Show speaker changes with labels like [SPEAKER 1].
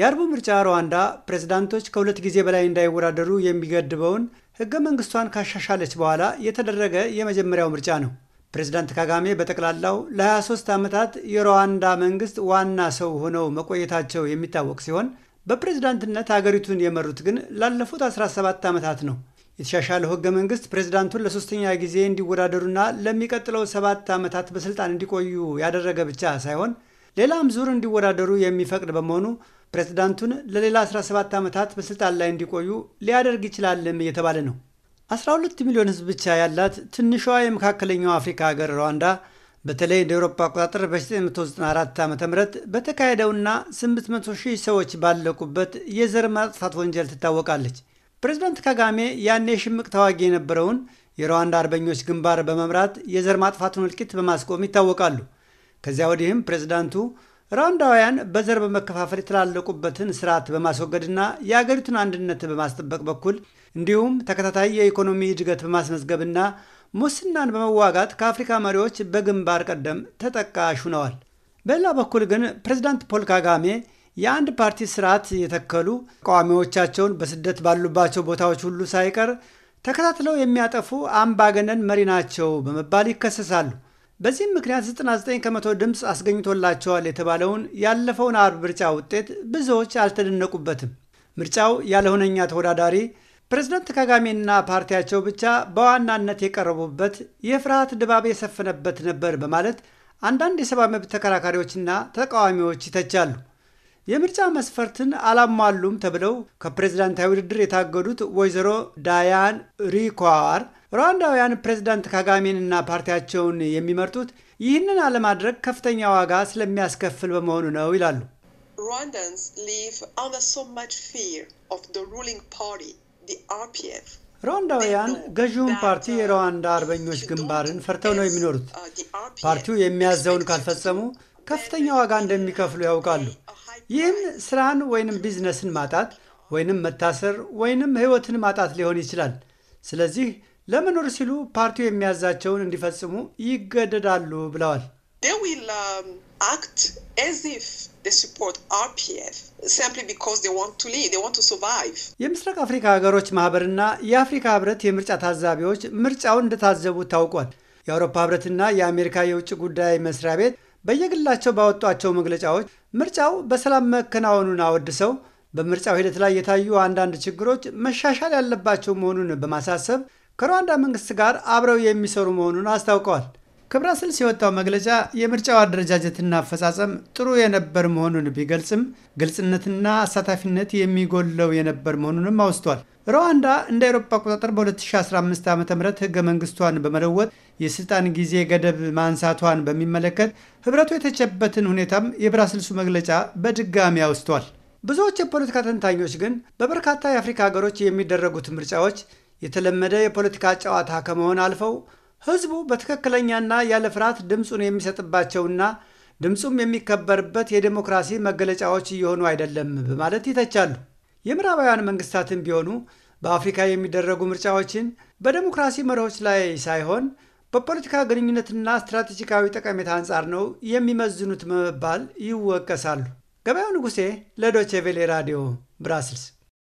[SPEAKER 1] የአርቡ ምርጫ ሩዋንዳ ፕሬዝዳንቶች ከሁለት ጊዜ በላይ እንዳይወዳደሩ የሚገድበውን ህገ መንግስቷን ካሻሻለች በኋላ የተደረገ የመጀመሪያው ምርጫ ነው። ፕሬዝዳንት ካጋሜ በጠቅላላው ለ23 ዓመታት የሩዋንዳ መንግስት ዋና ሰው ሆነው መቆየታቸው የሚታወቅ ሲሆን በፕሬዝዳንትነት አገሪቱን የመሩት ግን ላለፉት 17 ዓመታት ነው። የተሻሻለው ህገ መንግስት ፕሬዝዳንቱን ለሶስተኛ ጊዜ እንዲወዳደሩና ለሚቀጥለው ሰባት ዓመታት በስልጣን እንዲቆዩ ያደረገ ብቻ ሳይሆን ሌላም ዙር እንዲወዳደሩ የሚፈቅድ በመሆኑ ፕሬዝዳንቱን ለሌላ 17 ዓመታት በስልጣን ላይ እንዲቆዩ ሊያደርግ ይችላልም እየተባለ ነው። 12 ሚሊዮን ህዝብ ብቻ ያላት ትንሿ የመካከለኛው አፍሪካ ሀገር ሩዋንዳ በተለይ እንደ ኤውሮፓ አቆጣጠር በ1994 ዓ ም በተካሄደውና 800 ሺህ ሰዎች ባለቁበት የዘር ማጥፋት ወንጀል ትታወቃለች። ፕሬዝዳንት ካጋሜ ያኔ ሽምቅ ተዋጊ የነበረውን የሩዋንዳ አርበኞች ግንባር በመምራት የዘር ማጥፋቱን እልቂት በማስቆም ይታወቃሉ። ከዚያ ወዲህም ፕሬዝዳንቱ ራንዳውያን በዘር በመከፋፈል የተላለቁበትን ስርዓት በማስወገድና የአገሪቱን አንድነት በማስጠበቅ በኩል እንዲሁም ተከታታይ የኢኮኖሚ እድገት በማስመዝገብና ሙስናን በመዋጋት ከአፍሪካ መሪዎች በግንባር ቀደም ተጠቃሽ ሆነዋል። በሌላ በኩል ግን ፕሬዚዳንት ፖል ካጋሜ የአንድ ፓርቲ ስርዓት የተከሉ ተቃዋሚዎቻቸውን በስደት ባሉባቸው ቦታዎች ሁሉ ሳይቀር ተከታትለው የሚያጠፉ አምባገነን መሪ ናቸው በመባል ይከሰሳሉ። በዚህም ምክንያት 99 ከመቶ ድምፅ አስገኝቶላቸዋል የተባለውን ያለፈውን አርብ ምርጫ ውጤት ብዙዎች አልተደነቁበትም። ምርጫው ያለሆነኛ ተወዳዳሪ ፕሬዝደንት ካጋሜና ፓርቲያቸው ብቻ በዋናነት የቀረቡበት የፍርሃት ድባብ የሰፈነበት ነበር በማለት አንዳንድ የሰብአዊ መብት ተከራካሪዎችና ተቃዋሚዎች ይተቻሉ። የምርጫ መስፈርትን አላሟሉም ተብለው ከፕሬዝዳንታዊ ውድድር የታገዱት ወይዘሮ ዳያን ሪኳር ሩዋንዳውያን ፕሬዝዳንት ካጋሜንና ፓርቲያቸውን የሚመርጡት ይህንን አለማድረግ ከፍተኛ ዋጋ ስለሚያስከፍል በመሆኑ ነው ይላሉ። ሩዋንዳውያን ገዢውን ፓርቲ uh, የሩዋንዳ አርበኞች ግንባርን ፈርተው ነው የሚኖሩት። uh, ፓርቲው የሚያዘውን ካልፈጸሙ ከፍተኛ ዋጋ እንደሚከፍሉ ያውቃሉ። ይህም ስራን ወይንም ቢዝነስን ማጣት ወይንም መታሰር ወይንም ሕይወትን ማጣት ሊሆን ይችላል። ስለዚህ ለመኖር ሲሉ ፓርቲው የሚያዛቸውን እንዲፈጽሙ ይገደዳሉ ብለዋል። um, የምስራቅ አፍሪካ ሀገሮች ማህበርና የአፍሪካ ህብረት የምርጫ ታዛቢዎች ምርጫውን እንደታዘቡ ታውቋል። የአውሮፓ ህብረትና የአሜሪካ የውጭ ጉዳይ መስሪያ ቤት በየግላቸው ባወጧቸው መግለጫዎች ምርጫው በሰላም መከናወኑን አወድሰው በምርጫው ሂደት ላይ የታዩ አንዳንድ ችግሮች መሻሻል ያለባቸው መሆኑን በማሳሰብ ከሩዋንዳ መንግስት ጋር አብረው የሚሰሩ መሆኑን አስታውቀዋል። ከብራስልስ የወጣው መግለጫ የምርጫው አደረጃጀትና አፈጻጸም ጥሩ የነበር መሆኑን ቢገልጽም ግልጽነትና አሳታፊነት የሚጎለው የነበር መሆኑንም አውስቷል። ሩዋንዳ እንደ አውሮፓ አቆጣጠር በ2015 ዓ ም ህገ መንግስቷን በመለወጥ የስልጣን ጊዜ ገደብ ማንሳቷን በሚመለከት ህብረቱ የተቸበትን ሁኔታም የብራስልሱ መግለጫ በድጋሚ አውስቷል። ብዙዎች የፖለቲካ ተንታኞች ግን በበርካታ የአፍሪካ ሀገሮች የሚደረጉት ምርጫዎች የተለመደ የፖለቲካ ጨዋታ ከመሆን አልፈው ህዝቡ በትክክለኛና ያለ ፍርሃት ድምፁን የሚሰጥባቸውና ድምፁም የሚከበርበት የዴሞክራሲ መገለጫዎች እየሆኑ አይደለም በማለት ይተቻሉ። የምዕራባውያን መንግስታትም ቢሆኑ በአፍሪካ የሚደረጉ ምርጫዎችን በዴሞክራሲ መርሆች ላይ ሳይሆን በፖለቲካ ግንኙነትና ስትራቴጂካዊ ጠቀሜታ አንጻር ነው የሚመዝኑት በመባል ይወቀሳሉ። ገበያው ንጉሴ ለዶቼ ቬሌ ራዲዮ ብራስልስ